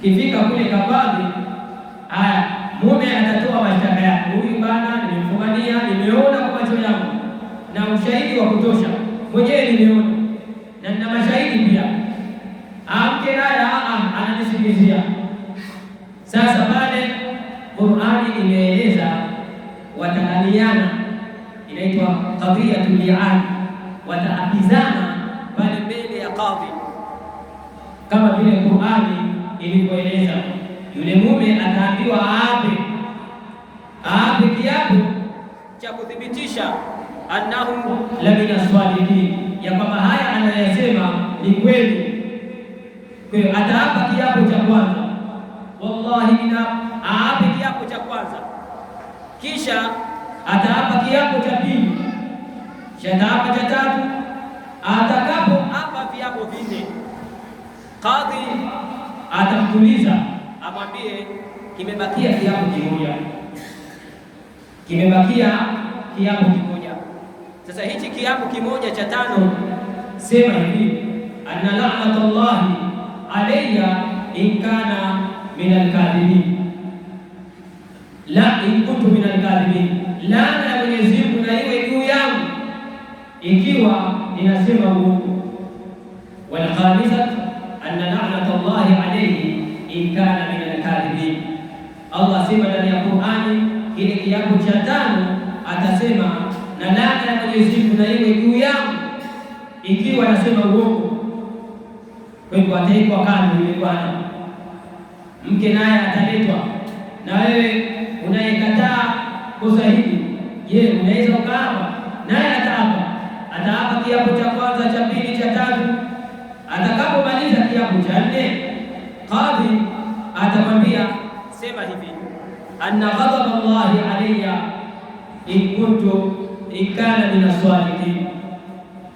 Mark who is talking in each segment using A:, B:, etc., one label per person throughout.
A: Kifika kule kabadhi, haya mume atatoa mashtaka yake, huyu bana, nimemfumania, nimeona kwa macho yangu na ushahidi wa kutosha, mwenyewe nimeona na nina mashahidi pia. Amke naye ah, ah, ananisikilizia. Sasa pale Qur'ani imeeleza wataaliana, inaitwa qadhiyatul li'an, wataapizana pale mbele ya kadhi, kama vile Qur'ani ilivyoeleza. Yule mume ataambiwa aape, aape kiapo
B: cha kuthibitisha annahu
A: lamina swalihin, ya kwamba haya anayasema ni kweli. Kwa hiyo ataapa kiapo cha kwanza, wallahi ina aape kiapo cha kwanza, kisha ataapa kiapo cha pili, kisha ataapa cha tatu, atakapo apa viapo vinne kadhi atamtuliza, amwambie kimebakia kiapo kimoja, kimebakia kiapo kimoja. Sasa hichi kiapo kimoja cha tano, sema hivi anna laanatullahi alayya in kana min alkadhibin, la in kuntu min alkadhibin, laana ya Mwenyezi Mungu na iwe juu yangu ikiwa ninasema uongo. wal khamisatu anna la'nata Allahi alayhi in kana min al-kadhibin. Allah asema ndani ya Qur'ani ile kiapo cha tano, atasema na laana ya Mwenyezi Mungu na iwe juu yangu ikiwa anasema uongo. Kwa hivyo ataikwa kando yule bwana, mke naye ataletwa. Na wewe unayekataa kosa hili, je, unaweza ukaapa? Naye ataapa, ataapa kiapo cha kwanza cha anna ghadaba llahi alayya in kuntu in kana min as-salihin,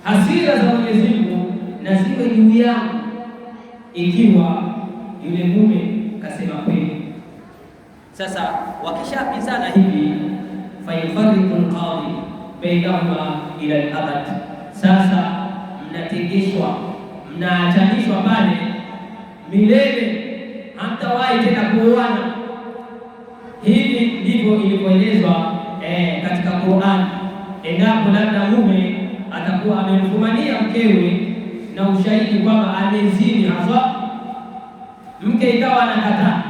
A: hasira za Mwenyezi Mungu na ziwe juu yangu ikiwa yule mume kasema kweli. Sasa wakishapizana hivi, fayufariqu lqadi bainahuma ila labad, sasa mnatengeshwa, mnaachanishwa pale milele, hamtawahi tena kuoana. Hivi ndivyo ilivyoelezwa eh, katika Qur'an. Endapo labda mume atakuwa amemfumania mkewe na ushahidi kwamba amezini haswa, mke ikawa anakataa,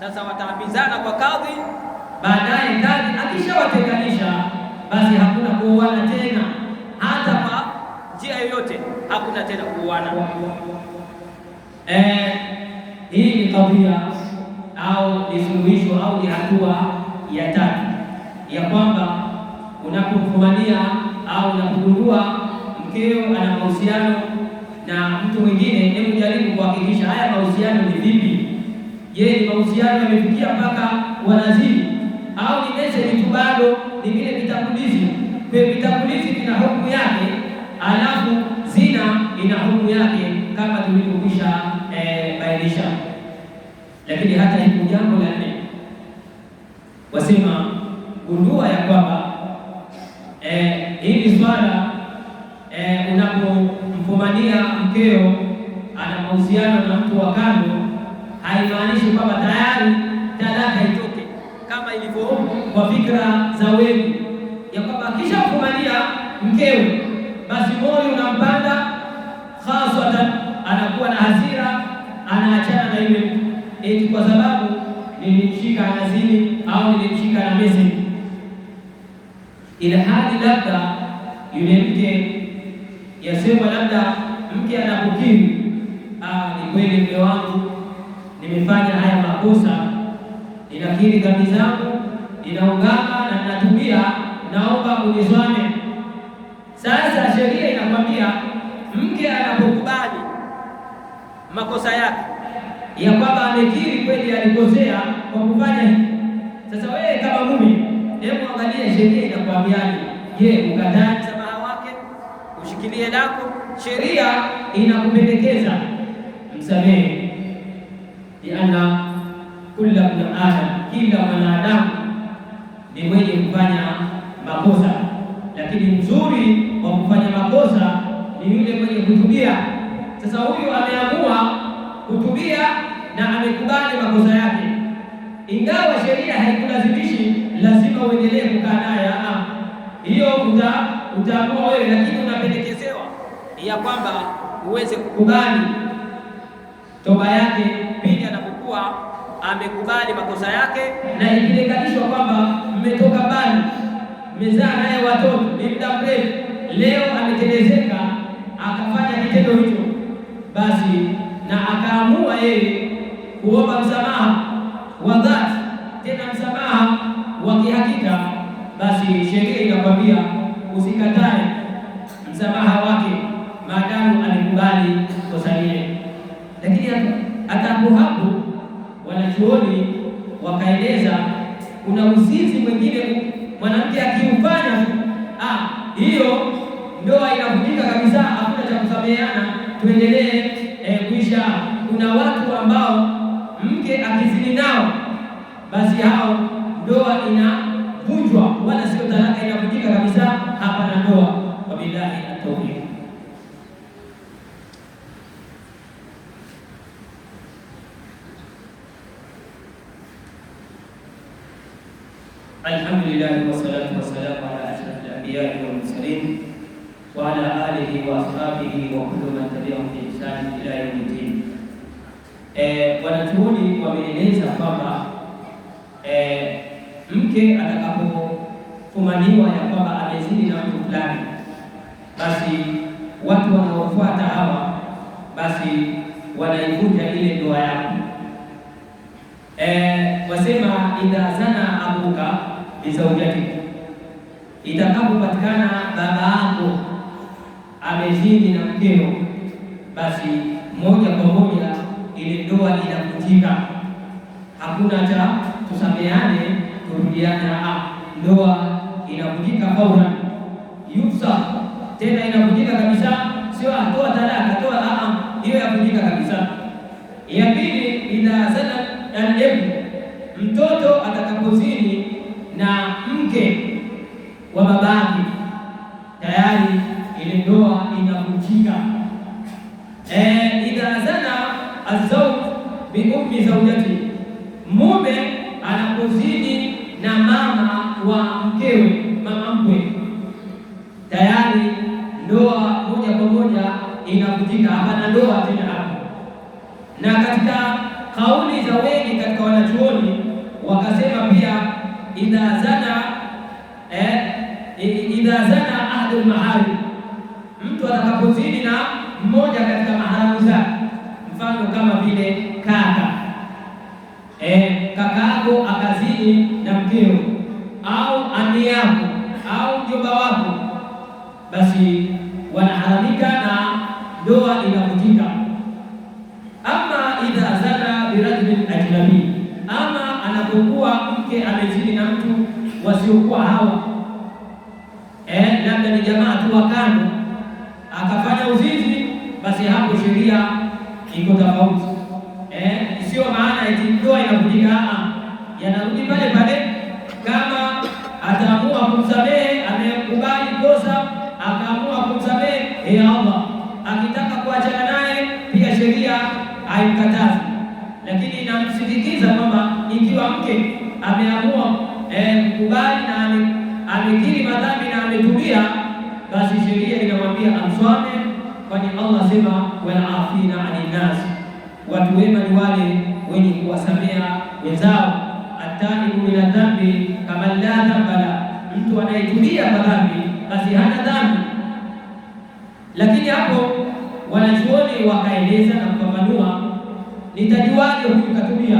B: sasa wataambizana kwa kadhi. Baadaye kadhi akishawatenganisha, basi hakuna kuuana tena, hata kwa njia yoyote, hakuna tena kuuana
A: Eh, hii ni kadhia au ni suluhisho au ni hatua ya tatu ya kwamba unapokubalia au unapogundua mkeo ana mahusiano na mtu mwingine, hebu jaribu kuhakikisha haya mahusiano ni vipi. Je, ni mahusiano yamefikia mpaka wanazini au ni mbele hata hivyo, jambo la nne wasema gundua ya kwamba eh, hili swala eh, unapomfumania mkeo ana mahusiano na mtu wa kando, haimaanishi kwamba tayari talaka itoke kama ilivyo kwa fikra za wengi, ya kwamba kisha akishamfumania mkeo basi moyo unampanda haswatan, anakuwa na hasira, anaachana na ile eti kwa sababu nilimshika nazini au nilimshika na mezi, hadi labda yule mke yasema, labda mke anapokiri, ah, ni kweli mke wangu nimefanya haya makosa, ninakiri dhambi zangu, ninaungama na ninatubia, naomba unizwane. Sasa sheria inakwambia mke anapokubali makosa yake ya kwamba amekiri kweli alikosea kwa kufanya hivi. Sasa wewe kama mume, hebu angalia sheria inakwambiaje? Je, ukatae msamaha wake ushikilie lako? Sheria inakupendekeza msamehe, liana kula mna adam, kila mwanadamu ni mwenye kufanya makosa, lakini mzuri wa kufanya makosa ni yule mwenye kutubia. Sasa huyu ameamua kutubia na amekubali makosa yake, ingawa sheria haikulazimishi lazima uendelee kukaa naye. Ah, hiyo utaamua wewe, lakini unapendekezewa ya kwamba uweze kukubali toba yake pindi anapokuwa amekubali makosa yake, na ikilinganishwa kwamba mmetoka mbali, mmezaa naye watoto, ni muda mrefu, leo ametelezeka akafanya kitendo hicho, basi na akaamua yeye kuomba msamaha wa dhati, tena msamaha wa kihakika, basi sheria inakwambia usikatae msamaha wake maadamu alikubali kosa lile. Lakini hatapo hapo, wanachuoni wakaeleza kuna uzinzi mwingine mwanamke akiufanya ah, hiyo ndoa inavunjika kabisa, hakuna cha kusameheana. Tuendelee ishara. Kuna watu ambao mke akizini nao, basi hao ndoa inavunjwa, wala sio talaka, inavunjika kabisa, hapana ndoa. Wabillahi taufiq. Alhamdulillahi wassalatu wassalamu ala ashrafil anbiya wal mursalin wa ala alihi wa ashabihi wa kulli man tabi'ahum mizani ila yaumi dini. E, wanachuoni wameeleza kwamba e, mke atakapofumaniwa ya kwamba amezini na mtu fulani, basi watu wanaofuata hawa basi wanaivunja ile ndoa yake. E, wasema idha zana abuka bizaujati, itakapopatikana baba yako amezini na mkeo basi moja kwa moja ile ndoa inakutika, hakuna cha tusameane kurudiana, ah, ndoa inakutika fauran yusa, tena inakutika kabisa, sio atoa talaka atoa, hiyo yakutika kabisa. Ya pili, idha zana al mtoto atakapozini na mke wa babake, tayari ile ndoa inakutika. Eh, idha zana azau bi ummi zawjati, mume anakuzini na mama wa mkewe, mama mkwe, tayari ndoa moja kwa moja inakutika, hapana ndoa tena hapo. Na katika kauli za wengi katika wanachuoni wakasema pia idha zana eh, idha zana ahdul mahali, mtu atakapozini na mmoja katika maharamu zake, mfano kama vile kaka eh, kaka yako akazini na mkeo au ami yako au mjomba wako, basi wanaharamika na ndoa inakutika. Ama idha zana biradmin ajnabi, ama anapokuwa mke amezini na mtu wasiokuwa hawa eh, labda ni jamaa tu wa kando akafanya uzinzi basi hapo sheria iko tofauti eh, sio maana eti ndoa inavunjika, yanarudi pale pale. Kama ataamua kumsamehe amekubali kosa, akaamua kumsamehe e Allah akitaka kuachana naye pia sheria haimkatazi, lakini inamsindikiza kwamba ikiwa mke ameamua eh, kubali na amekiri madhambi na ametubia, basi sheria inamwambia amswame kwani Allah asema walafina ani nas, watu wema ni wale wenye kuwasamea wenzao. Ataibu min dhambi kama la dhamba la, mtu anayetulia kwa dhambi basi hana dhambi. Lakini hapo wanachuoni wakaeleza na kupambanua, nitajuaje huyu katubia?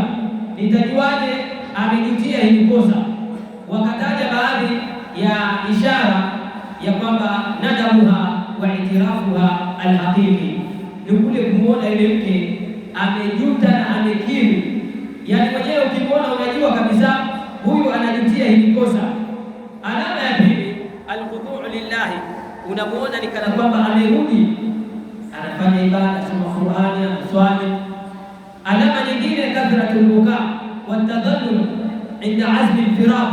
A: Nitajuaje amejutia hili kosa? Wakataja baadhi ya ishara ya kwamba nadamuha wa itirafuha alhaqiqi, ni kule kumwona ile mke amejuta na amekiri, yani mwenyewe ukimwona unajua kabisa huyu anajutia hili kosa. Alama ya pili alkhuduu lillahi, unamwona ni kana kwamba amerudi, anafanya ibada, anasoma Qur'ani, anaswali. Alama nyingine kathratu lbuka watadhallul inda azmi lfiraq,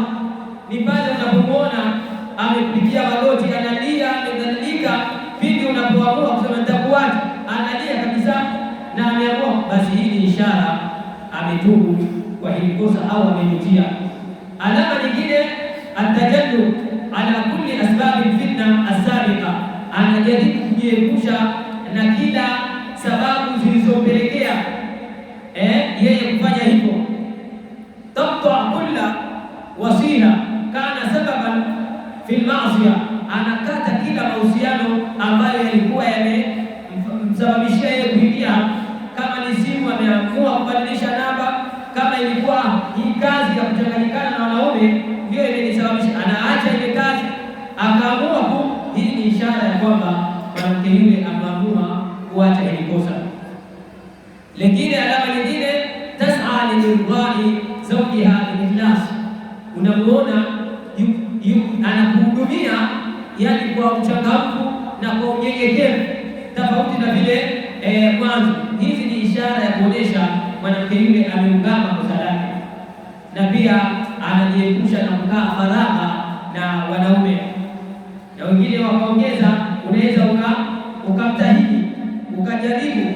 A: ni pale unapomwona amepigia magoti, analia basi hii ni ishara ametubu kwa hili kosa au amejutia. Alama nyingine atajadu ala kulli asbabi fitna asabiqa, anajaribu kujiepusha na kila sababu zilizopelekea eh, yeye kufanya hivyo. tabta kulla wasila kana sababan fi lmasia kuacha hili kosa. Lingine, alama nyingine, tasaa liirdai zawjiha biikhlas, unamuona anakuhudumia yani kwa uchangamfu na kwa unyenyekevu, tofauti na vile eh, mwanzo. Hizi ni ishara ya kuonyesha mwanamke yule ameungama kosa lake, na pia anajiepusha na kukaa faragha na wanaume, na wengine wakaongeza, unaweza ukamtahini ukajaribu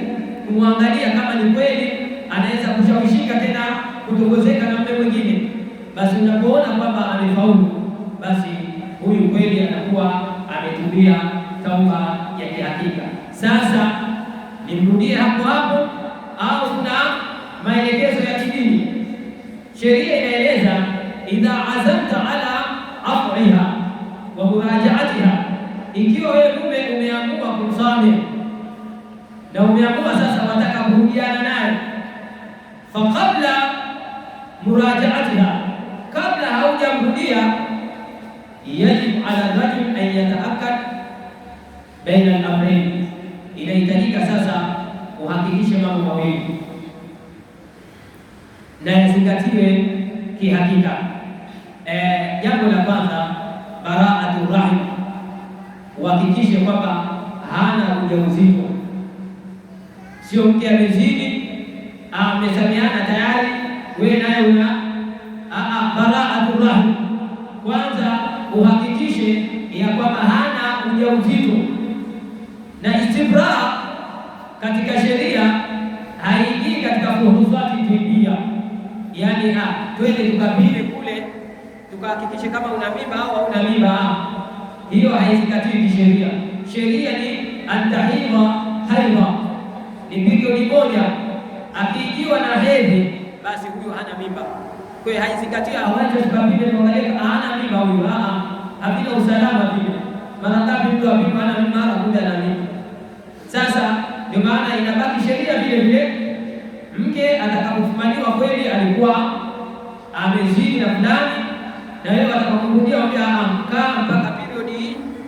A: kumwangalia kama ni kweli anaweza kushawishika tena kutongozeka na mume mwingine, basi unapoona kwamba amefaulu, basi huyu kweli anakuwa ametumia tauba ya kihakika. Sasa nimrudie hapo hapo, au kuna maelekezo ya kidini? Sheria inaeleza idha azamta kihakika. E, jambo la kwanza baraatu rahim, uhakikishe kwamba hana ujauzito, sio mke amezini, amezamiana tayari, wewe naye una baraatu rahim. Kwanza uhakikishe ya kwamba hana ujauzito na istibra katika sheria twende tukapime
B: kule tukahakikishe kama una mimba au hauna mimba. Hiyo haizikatili kisheria. Sheria ni antahima haima, ni milioni moja. Akiikiwa na hedhi, basi huyu hana mimba. Kwa hiyo haizikatili,
A: awache tukapime tuangalie hana mimba huyu. Ah, hakuna usalama vile. Mara ngapi mtu ambaye hana mimba kuja na mimba? Sasa ndio maana inabaki sheria vile vile, mke atakapofumaniwa kweli alikuwa amezini na fulani, na yeye atakurudia mwambia amkaa ah, ah, mpaka period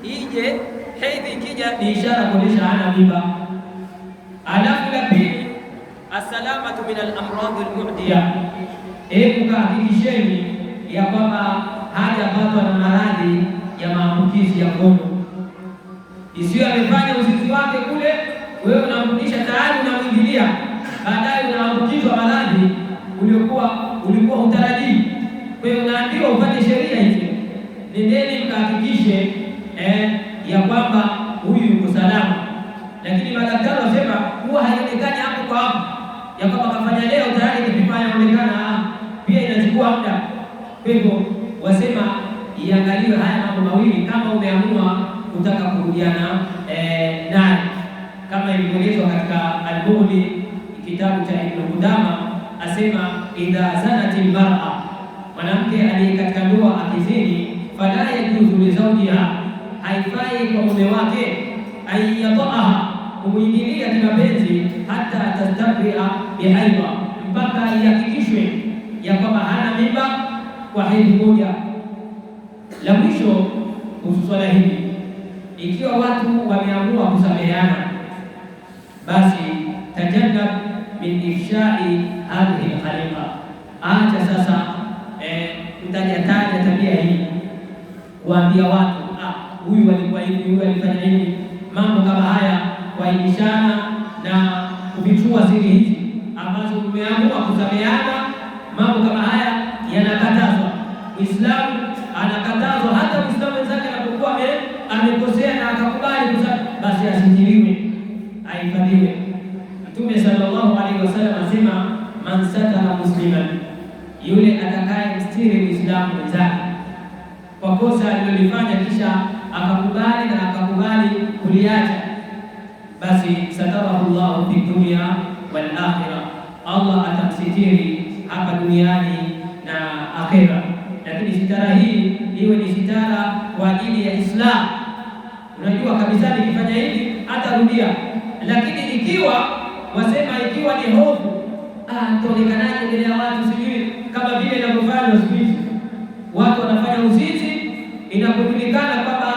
A: ije, hedhi ikija ni ishara kuonesha ana mimba. Alafu la pili, assalamatu min al amrad al mudiya epuka hakikisheni ya kwamba hajapatwa na maradhi ya maambukizi ya ngono, isiyo amefanya uzinzi wake kule, wewe unamrudisha tayari, unamwingilia, baadaye unaambukizwa maradhi uliokuwa ulikuwa utarajii. Kwa hiyo unaambiwa upate sheria hizi nendeni mkahakikishe eh, ya kwamba huyu yuko salama. Lakini madaktari wasema huwa haionekani hapo kwa hapo, ya kwamba kafanya leo tayari kipima inaonekana, ah, pia inachukua muda. Kwa hivyo wasema iangaliwe haya mambo mawili, kama umeamua kutaka kurudiana eh, naye kama ilivyoelezwa katika Albuni kitabu cha Ibn Qudama asema idha zanati almar'a, mwanamke aliye katika ndoa akizini, fala yajuzu li zawjiha, haifai kwa mume wake ayyataha, kumuingilia kimapenzi, hata tastabria bihaidha, mpaka ihakikishwe ya kwamba hana mimba kwa hedhi moja. La mwisho kuhusu swala hili, ikiwa watu wameamua kusameheana, basi tajannab biinshai hadhihi lkhaliqa. Acha sasa eh, kutajataja taja tabia hii, kuambia watu ah, huyu alikuwa hivi, huyu alifanya hivi, mambo kama haya, kuaibishana hasanati satarahu llahu fi dunya wal akhirah, Allah atamsitiri hapa duniani na akhera. Lakini sitara hii iwe ni sitara kwa ajili ya Islam. Unajua kabisa nikifanya hivi atarudia lakini ikiwa wasema, ikiwa ni hofu ah, tonekanaje mbele ya watu, sijui kama vile inavyofanywa siku hizi, watu wanafanya uzinzi, inapojulikana kwamba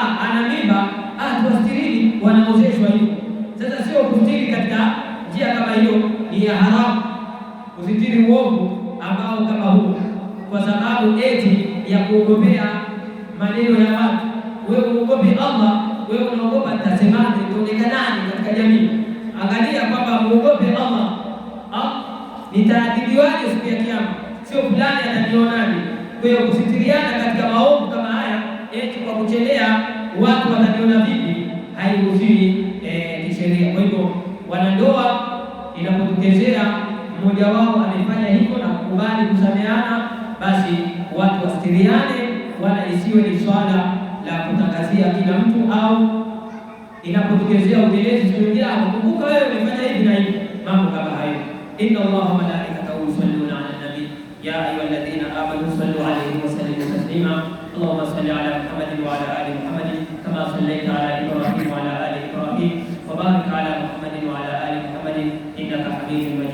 A: kuwa kuzitiri katika njia kama hiyo ni ya haramu, kuzitiri uovu ambao kama huu, kwa sababu eti ya kuogopea maneno ya watu. Wewe uogope Allah, wewe unaogopa nitasemaje, nitaonekanaje katika jamii? Angalia kwamba muogope Allah, ah, nitaadhibiwaje siku ya Kiyama, sio fulani atanionaje. Kwa hiyo kusitiriana katika maovu kama haya eti kwa kuchelea watu wataniona vipi, hairuhusiwi kuendelea. Kwa hivyo wanandoa inapotokezea mmoja wao amefanya hivyo na kukubali kusameana, basi watu wasitiriane, wala isiwe ni swala la kutangazia kila mtu, au inapotokezea utelezi kuingia, ah, kumbuka wewe umefanya hivi na hivi, mambo kama hayo. Inna Allaha malaikatahu yusalluna ala nabi ya ayyuhalladhina amanu sallu alayhi wa sallimu taslima. Allahumma salli ala Muhammadin wa ala Amen.